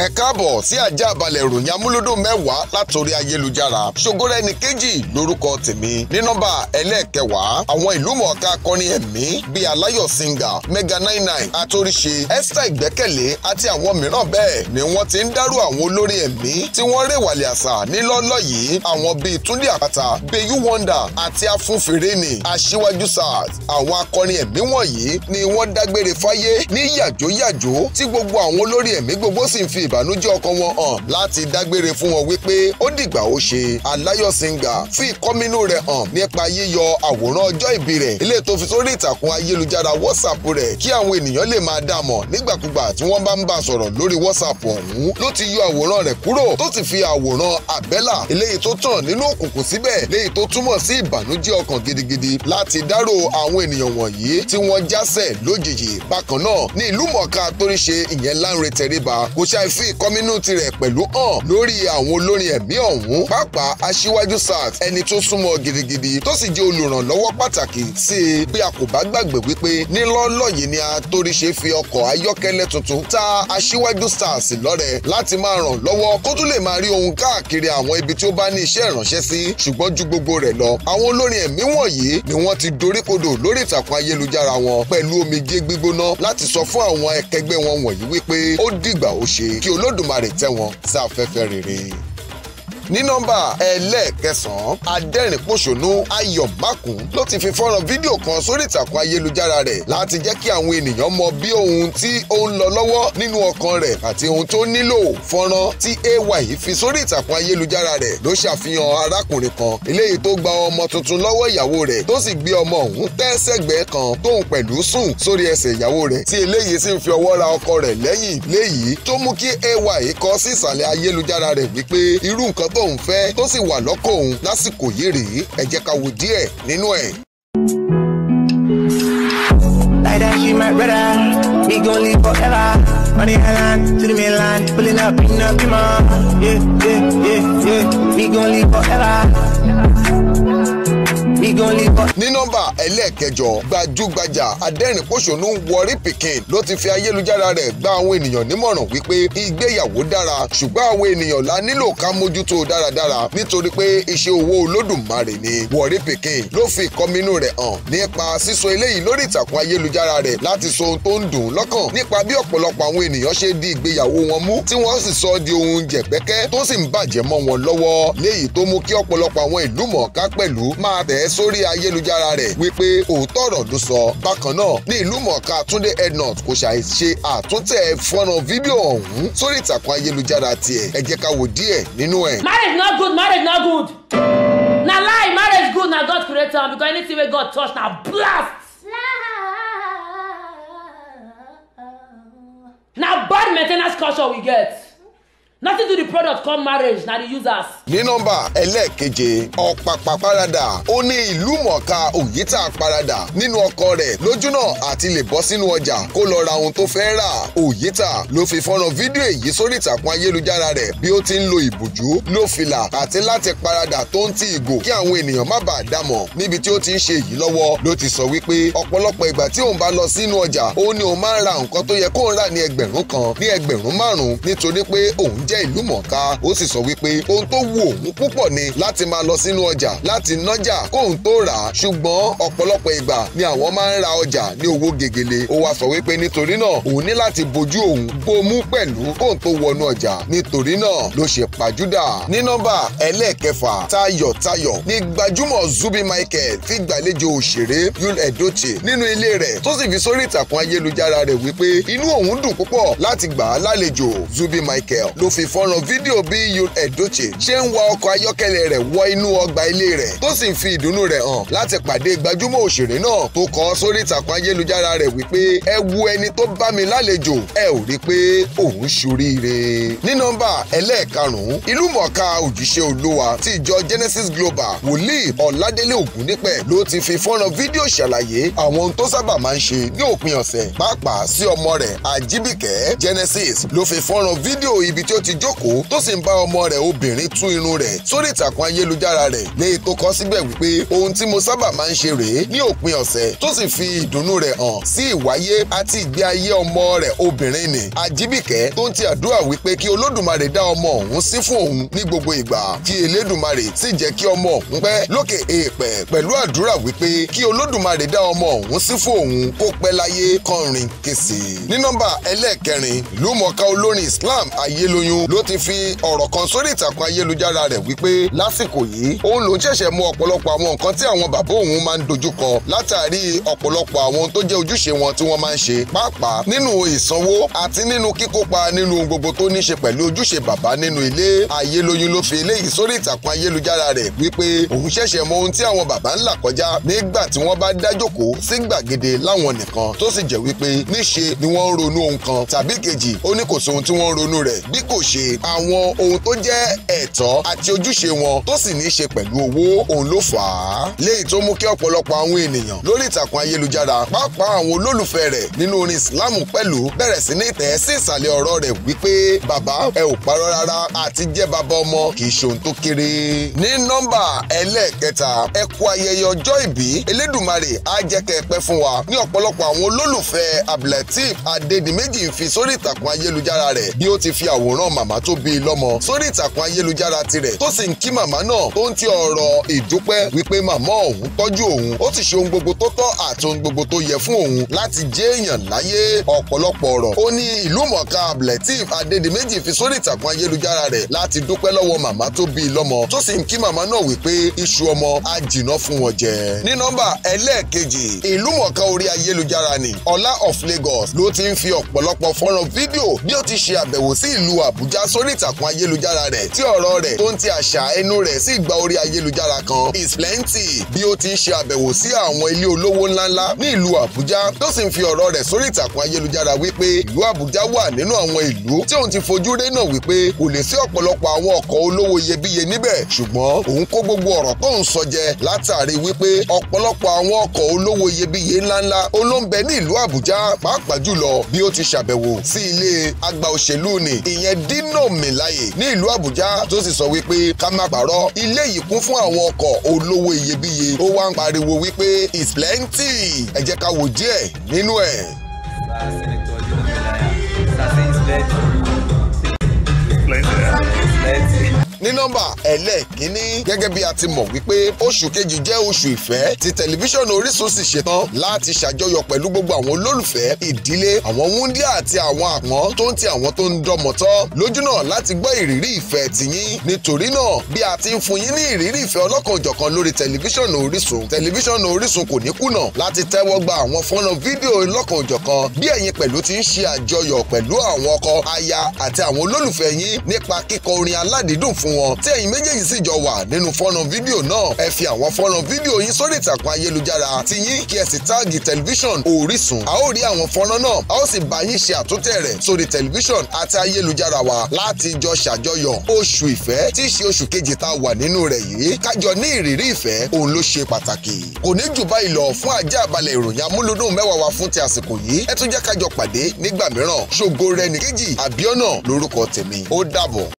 ẹ káàbọ̀ sí ajá balẹ̀ ìròyìn amúlódùn mẹ́wàá látòrí ayélujára ṣògòrò ẹnì kejì lórúkọ tèmi ní nọ́mbà ẹlẹ́ẹ̀kẹwàá àwọn ìlú mọ̀ọ́ká akọrin ẹ̀mí bíi aláyọ̀ singa mega nine nine àtòrìṣe esther ìgbẹ́kẹ̀lé àti àwọn mìíràn bẹ́ẹ̀ ni wọ́n ti ń dárú àwọn olórí ẹ̀mí tí wọ́n rèwàlẹ̀ àṣà nílọ́lọ́ yìí àwọn bíi túndé àpáta bayu wonder àti afúnfèrèní aṣíwájú sars àwọn akọrin ẹ̀mí wọ̀nyí ni wọ́n dágbére fáyé ní yàjóyàjó tí gbogbo àwọn olórí ẹ̀mí gbogbo sì ń fi ìbànújẹ́ ọkàn wọn hàn láti dágbére fún wọn wípé ó dìgbà ó ṣe aláyọ̀ singa fi rẹ̀ hàn nípa yíyọ àwòrán ọjọ́ ìbí rẹ̀ ilé tó fi sórí ìtàkùn ayélujára whatsapp rẹ̀ kí àwọn ènìyàn lè máa dá mọ̀ nígbàkúgbà tí wọ́n bá ń bá sọ̀rọ̀ lórí whatsapp ọ̀hún ló ti yọ àwòrán rẹ̀ kúrò tó sì fi àwòrán àbẹ́là eléyìí tó tàn nínú òkùnkùn fi ìkọminú tirẹ̀ pẹ̀lú hàn lórí àwọn olórin ẹ̀mí ọ̀hún pàápàá aṣíwájú sars ẹni tó súnmọ́ gidigidi tó sì jẹ́ olùrànlọ́wọ́ pàtàkì sí i bí a kò bá gbàgbé wípé nílọ́lọ́ yìí ni Atóríṣe fi ọkọ̀ ayọ́kẹ́lẹ́ tuntun ta aṣíwájú sars lọ́rẹ láti máa ràn lọ́wọ́ kó tún lè máa rí ohun káàkiri àwọn ibi tí ó bá ní iṣẹ́ ìránṣẹ́ sí ṣùgbọ́n ju gbogbo rẹ̀ lọ àwọn olórin ẹ̀mí wọ̀nyí ni wọ́n ti doríkodò lórí ìtàkùn ayélujára wọn pẹ̀lú omijé gbígbóná láti sọ fún àwọn akẹgbẹ́ wọn wọ̀nyí wípé ó dìgbà ó ṣe kí olódùmarè tẹ́ wọn sáfẹ́fẹ́ rere ní nọ́mbà ẹlẹ́ẹ̀kẹsàn-án adẹ́rìnpòṣónú ayọ̀ bákùn ló ti fi fọ́nrán fídíò kan sórí ìtàkùn ayélujára rẹ̀ láti jẹ́ kí àwọn ènìyàn mọ bí ohun tí ó ń lọ lọ́wọ́ nínú ọkàn rẹ̀ àti ohun tó nílò fọ́nrán tí ay fi sórí ìtàkùn ayélujára rẹ̀ ló ṣàfihàn arákùnrin kan eléyìí tó gba ọmọ tuntun lọ́wọ́ ìyàwó rẹ̀ tó sì gbé ọmọ ọ̀hún tẹ́ sẹ́gbẹ̀ẹ́ kan tóun pẹ̀lú sùn sórí ẹsẹ̀ ìyàwó rẹ̀ tí eléyìí sì ń fi ọwọ́ ra ọkọ rẹ̀ lẹ́yìn léyìí tó mú kí ay kọ sí ìsàlẹ̀ ayélujára rẹ̀ wípé irú nǹkan tó tóun fẹ́ tó sì wà lọ́kàn òun lásìkò yìí rèé ẹ jẹ́ ká wo díẹ̀ nínú ẹ̀. Like that, she my brother. We gon' live forever. On the island, to the mainland, pulling up, bringing up your mom. Yeah, yeah, yeah, yeah. We gon' live forever ní nọ́mbà ẹlẹ́ẹ̀kẹjọ gbajúgbajà adẹ́rìnpòṣónú Warri Pikin ló ti fi ayélujára rẹ̀ gba àwọn ènìyàn nímọ̀ràn wípé ìgbéyàwó dára ṣùgbọ́n àwọn ènìyàn la nílò ká mójútó dáradára nítorí pé iṣẹ́ owó olódùmarè ni Warri Pikin ló fi ìkọminú rẹ̀ hàn nípa sísọ eléyìí lórí ìtàkùn ayélujára rẹ̀ láti sọ ohun tó ń dùn lọ́kàn nípa bí ọ̀pọ̀lọpọ̀ àwọn ènìyàn ṣe di ìgbéyàwó wọn mú tí wọ́n sì sọ di ohun jẹ̀gbẹ́kẹ́ tó sì ń bàjẹ́ mọ́ wọn lọ́wọ́ léyìí tó mú kí ọ̀pọ̀lọpọ̀ àwọn ìlú lórí ayélujára rẹ̀ wípé òótọ́ ọ̀rọ̀ ló sọ bákan náà ní ìlú mọ̀ọ́ká Túndé Ednut kò ṣàì ṣe àtúntẹ̀ fọ́nrán fídíò ọ̀hún sórí ìtàkùn ayélujára tiẹ̀ ẹ jẹ́ ká wò díẹ̀ nínú ẹ̀. marriage no good marriage no good na lie marriage good na God create am because anything wey God touch na blast. na bad main ten ance culture we get nothing to the product come marriage na the users ní nọ́mbà ẹlẹ́ẹ̀keje ọ̀pàpà parada ó ní ìlú mọ̀ọ́ká ògítà parada nínú ọkọ rẹ̀ lójúnà àti lè bọ́ sínú ọjà kó lọ ra ohun tó fẹ́ rà ògítà ló fi fọ́nrán fídíò èyí sórí ìtàkùn ayélujára rẹ̀ bí ó ti ń lo ìbòjú ló fìlà àti láti parada tó ń ti ìgò kí àwọn ènìyàn má bàa dámọ̀ níbi tí ó ti ń ṣe èyí lọ́wọ́ ló ti sọ wípé ọ̀pọ̀lọpọ̀ ìgbà tí òun bá lọ sínú ọjà ó ní òun máa ń ra nǹkan tó yẹ kóun rà ní ẹgbẹ̀rún kan ní ẹgbẹ̀rún márùn-ún nítorí pé òun jẹ́ ìlú mọ̀ọ́ká ó sì sọ wípé ohun tó wù òun púpọ̀ ni láti máa lọ sínú ọjà láti nájà kóun tó rà á ṣùgbọ́n ọ̀pọ̀lọpọ̀ ìgbà ni àwọn máa ń ra ọjà ní owó gegele ó wá sọ wípé nítorí náà òun ní láti bojú òun bomú pẹ̀lú kóun tó wọnú ọjà nítorí náà ló ṣe pàjúdà ní nọ́mbà ẹlẹ́ẹ̀kẹfà tayọ̀tayọ̀ ni gbajúmọ̀ Zubi Michael fi gbàlejò òṣèré Yul Edochie nínú ilé rẹ̀ tó sì fi sórí ìtàkùn ayélujára rẹ̀ wípé inú òun dùn púpọ̀ láti gbà á lálejò Zubi Michael ló fi fọ́nrán fídíò bí Yul Edochie ṣe ń ń wa ọkọ̀ ayọ́kẹ́lẹ́ rẹ̀ wọ inú ọgbà ilé rẹ̀ tó sì ń fi ìdùnnú rẹ̀ hàn láti pàdé gbajúmọ̀ òṣèré náà tó kọ sórí ìtàkùn ayélujára rẹ̀ wípé ẹ wo ẹni tó bá mi lálejò ẹ ò rí pé òun ṣoríire. ní nọ́mbà ẹlẹ́ẹ̀karùn-ún ìlú mọ̀ọ́ká òjíṣẹ́ olúwa ti ìjọ Genesis Global wòlíì Ọ̀ládélé Ògúnnípẹ̀ ló ti fi fọ́nrán fídíò ṣàlàyé àwọn ohun tó sábà máa ń ṣe ní òpin ọ̀sẹ̀ pàápàá sí ọmọ rẹ̀ Àjíbìkẹ́ Genesis ló fi fọ́nrán fídíò ibi tí ó ti jókòó tó sì ń bá ọmọ rẹ̀ obìnrin tún nínú rẹ̀ sórí ìtàkùn ayélujára rẹ̀ léyìí tó kọ síbẹ̀ wípé ohun tí mo sábà máa ń ṣe rèé ní òpin ọ̀sẹ̀ tó sì fi ìdùnnú rẹ̀ hàn sí ìwáyé àti ìgbé ayé ọmọ rẹ̀ obìnrin nì àjíbìkẹ́ tó ń ti àdúrà wípé kí olódùmarè dá ọmọ òun sí fún òun ní gbogbo ìgbà kí elédùmarè sì jẹ́ kí ọmọ òun pẹ́ lókè èèpẹ̀ pẹ̀lú àdúrà wípé kí olódùmarè dá ọmọ òun sí fún òun kó pẹ́ láyé kọrin kèsì ní nọ́mbà ẹlẹ́ẹ̀kẹrin ìlúmọ̀ọ́ká olórin Islam Ayélóyún ló ti fi ọ̀rọ̀ kan sórí ìtàkùn ayélujára ayélujára rẹ̀ wípé lásìkò yìí òun lòún ṣẹ̀ṣẹ̀ mọ ọ̀pọ̀lọpọ̀ àwọn nǹkan tí àwọn bàbá òun máa ń dojúkọ látàrí ọ̀pọ̀lọpọ̀ àwọn tó jẹ́ ojúṣe wọn tí wọ́n máa ń ṣe pàápàá nínú ìsanwó àti nínú kíkópa nínú gbogbo tó ní ṣe pẹ̀lú ojúṣe bàbá nínú ilé ayélóyún ló fi eléyìí sórí ìtàkùn ayélujára rẹ̀ wípé òun ṣẹ̀ṣẹ̀ mọ ohun tí àwọn bàbá ń là kọjá nígbà tí wọ́n bá dájókòó sí gbàgede láwọn nìkan tó sì jẹ́ wípé níṣe ni wọ́n ń ronú ohun kan tàbí kejì ó ní kò sí ohun tí wọ́n ń ronú rẹ̀ bí kò ṣe àwọn ohun tó jẹ́ ẹ̀tọ́ ẹ̀tọ́ àti ojúṣe wọn tó sì ní í ṣe pẹ̀lú owó òun ló fà á. léyìí tó mú kí ọ̀pọ̀lọpọ̀ àwọn ènìyàn lórí ìtàkùn ayélujára pàápàá àwọn olólùfẹ́ rẹ̀ nínú orin ìsìláàmù pẹ̀lú bẹ̀rẹ̀ sí ní tẹ̀ sí ìsàlẹ̀ ọ̀rọ̀ rẹ̀ wípé bàbá ẹ ò parọ́ rárá àti jẹ́ bàbá ọmọ kì í ṣohun tó kéré. ní nọ́mbà ẹlẹ́ẹ̀kẹta ẹ kú ayẹyẹ ọjọ́ ìbí elédùnmarè á jẹ́ kẹ́ ẹ pẹ́ fún wa ní ọ̀pọ̀lọpọ̀ àwọn olólùfẹ́ abdulateef adédìméjì ń fi sórí ìtàkùn ayélujára rẹ̀ bí ó ti fi àwòrán màmá tó bí i lọ́mọ sórí ìtàkùn ayélujára bàbá tirẹ̀ tó sì ń kí màmá náà tó ń ti ọ̀rọ̀ ìdúpẹ́ wípé màmá òun tọ́jú òun ó sì ṣe ohun gbogbo tó tọ́ àti ohun gbogbo tó yẹ fún òun láti jẹ́ èèyàn láyé ọ̀pọ̀lọpọ̀ ọ̀rọ̀ ó ní ìlú mọ̀ọ́ká Lateef Adédìméjì fi sórí ìtàkùn ayélujára rẹ̀ láti dúpẹ́ lọ́wọ́ màmá tó bí i lọ́mọ tó sì ń kí màmá náà wípé iṣu ọmọ á jìnà fún wọn jẹ. ní nọ́mbà ẹlẹ́ẹ̀kejì ìlú mọ̀ọ́ká orí ayélujára ni Ọlá of Lagos ló ti ń fi ọ̀pọ̀lọpọ̀ fọ́nrán fídíò bí ó ti ṣe àbẹ̀wò sí ìlú Àbújá sórí ìtàkùn ayélujára rẹ̀ tí ọ̀rọ̀ rẹ̀ rẹ̀ tó ń ti àṣà ẹnu rẹ̀ sí ìgbà orí ayélujára kan is plenty bí ó ti ń ṣe àbẹ̀wò sí àwọn ilé olówó ńláńlá ní ìlú Àbújá tó sì ń fi ọ̀rọ̀ rẹ̀ sórí ìtàkùn ayélujára wípé ìlú Àbújá wà nínú àwọn ìlú tí òun ti fojú rí náà wípé kò lè sí ọ̀pọ̀lọpọ̀ àwọn ọkọ̀ olówó iyebíye níbẹ̀ ṣùgbọ́n òun kó gbogbo ọ̀rọ̀ tó ń sọ jẹ látàrí wípé ọ̀pọ̀lọpọ̀ àwọn ọkọ̀ olówó iyebíye ńláńlá olóńbẹ ní ìlú Àbújá pàápàá jùlọ bí ó ti ṣàbẹ̀wò sí ilé àgbà òṣèlú ni ìyẹn Dino Melaye ní ìlú Àbújá tó sì sọ wípé ká má parọ́ ilé yìí kún fún àwọn ọkọ̀ olówó iyebíye ó wá ń pariwo wípé it's plenty ẹ jẹ́ ká wò díẹ̀ nínú ẹ̀. ní nọ́mbà ẹlẹ́ẹ̀kínní gẹ́gẹ́ bí a ti mọ̀ wípé oṣù kejì jẹ́ oṣù ìfẹ́ tí tẹlifíṣàn Orísun sì ṣetán láti ṣàjọyọ̀ pẹ̀lú gbogbo àwọn olólùfẹ́ ìdílé àwọn wúndíà àti àwọn àpọ́n tó ń ti àwọn tó ń dọmọ̀tọ́ lójú náà láti gbọ́ ìrírí ìfẹ́ tiyín nítorí náà bí a ti ń fún yín ní ìrírí ìfẹ́ ọlọ́kanòjọ̀kan lórí tẹlifíṣàn Orísun tẹlifíṣàn Orísun kò ní kùnà láti tẹ́wọ́ gba àwọn fọ́nrán fídíò ọlọ́kanòjọ̀kan bí ẹ̀yin pẹ̀lú ti ń ṣe àjọyọ̀ pẹ̀lú àwọn ọkọ aya àti àwọn olólùfẹ́ yín nípa kíkọ orin aládìídùn fún wọn tí ẹ̀yin méjì méjèèjì sì jọ wà nínú fọ́nrán fídíò náà ẹ fi àwọn fọ́nrán fídíò yín sórí ìtàkùn ayélujára ti yín kí ẹ sì táàgì tẹlifíṣàn Orísun a ó rí àwọn fọ́nrán náà a ó sì bá yín ṣe àtúntẹ̀ rẹ̀ sórí tẹlifíṣàn àti ayélujára wa láti jọ ṣàjọyọ̀ oṣù ìfẹ́ tí í ṣe oṣù kejì tá a wà nínú rẹ̀ yìí kájọ ní ìrírí ìfẹ́ òun ló ṣe pàtàkì kò ní jù báyìí lọ